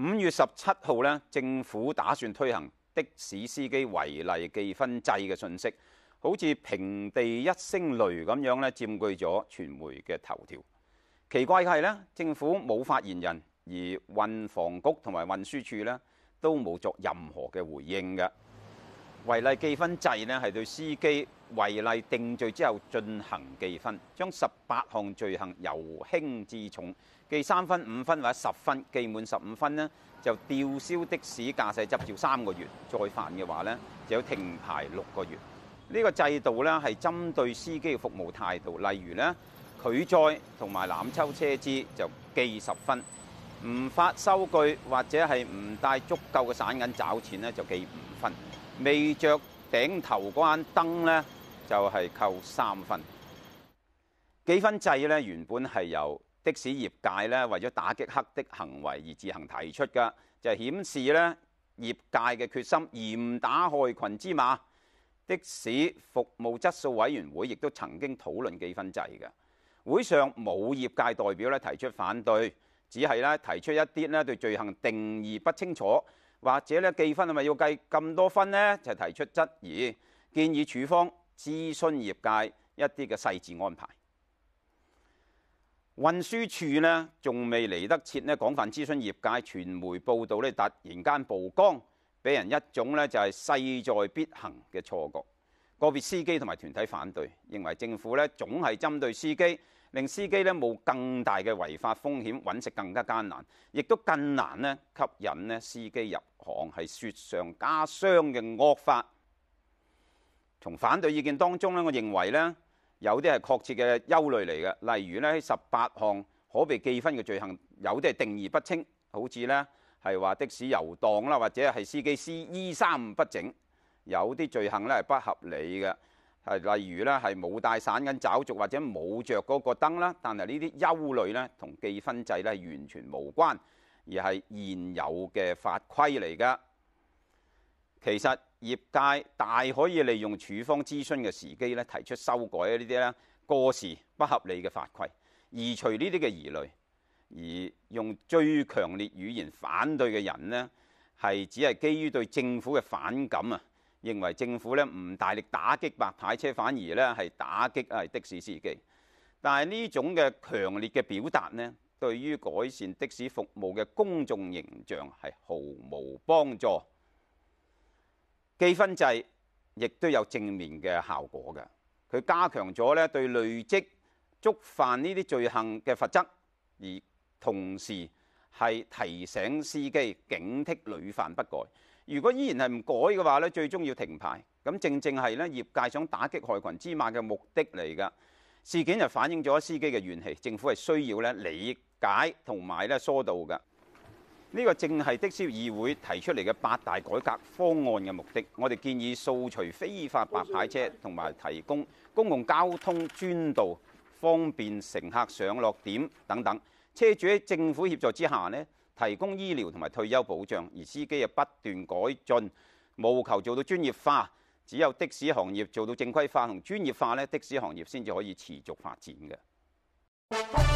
五月十七號咧，政府打算推行的士司機違例記分制嘅信息，好似平地一聲雷咁樣咧，佔據咗傳媒嘅頭條。奇怪嘅係咧，政府冇發言人，而運房局同埋運輸署咧都冇作任何嘅回應嘅。違例記分制咧係對司機。違例定罪之後進行記分，將十八項罪行由輕至重記三分、五分或者十分，記滿十五分呢，就吊銷的士駕駛執照三個月。再犯嘅話呢，就要停牌六個月。呢個制度呢，係針對司機嘅服務態度，例如呢，拒載同埋濫收車資就記十分，唔發收據或者係唔帶足夠嘅散銀找錢呢，就記五分，未着頂頭嗰眼燈呢，就係扣三分記分制咧。原本係由的士業界咧，為咗打擊黑的行為而自行提出嘅，就係顯示咧業界嘅決心，嚴打害群之馬。的士服務質素委員會亦都曾經討論記分制嘅。會上冇業界代表咧提出反對，只係咧提出一啲咧對罪行定義不清楚，或者咧記分係咪要計咁多分呢？就提出質疑建議處方，諮詢業界一啲嘅細緻安排，運輸署咧仲未嚟得切咧，廣泛諮詢業界。傳媒報道咧突然間曝光，俾人一種咧就係勢在必行嘅錯覺。個別司機同埋團體反對，認為政府咧總係針對司機，令司機咧冇更大嘅違法風險，揾食更加艱難，亦都更難咧吸引咧司機入行，係雪上加霜嘅惡法。從反對意見當中咧，我認為咧有啲係確切嘅憂慮嚟嘅，例如呢十八項可被記分嘅罪行，有啲係定義不清，好似咧係話的士遊蕩啦，或者係司機師衣衫不整，有啲罪行咧係不合理嘅，係例如咧係冇帶散銀找續或者冇着嗰個燈啦。但係呢啲憂慮咧同記分制咧係完全無關，而係現有嘅法規嚟㗎。其實業界大可以利用處方諮詢嘅時機咧，提出修改呢啲咧過時不合理嘅法規，移除呢啲嘅疑慮，而用最強烈語言反對嘅人呢係只係基於對政府嘅反感啊，認為政府咧唔大力打擊白牌車，反而咧係打擊啊的士司機。但係呢種嘅強烈嘅表達咧，對於改善的士服務嘅公眾形象係毫無幫助。記分制亦都有正面嘅效果嘅，佢加強咗咧對累積觸犯呢啲罪行嘅罰則，而同時係提醒司機警惕，屢犯不改。如果依然係唔改嘅話咧，最終要停牌。咁正正係咧業界想打擊害羣之馬嘅目的嚟㗎。事件就反映咗司機嘅怨氣，政府係需要咧理解同埋咧疏導㗎。呢個正係的士議會提出嚟嘅八大改革方案嘅目的。我哋建議掃除非法白牌車，同埋提供公共交通專道，方便乘客上落點等等。車主喺政府協助之下呢，提供醫療同埋退休保障，而司機又不斷改進，務求做到專業化。只有的士行業做到正規化同專業化呢的，的士行業先至可以持續發展嘅。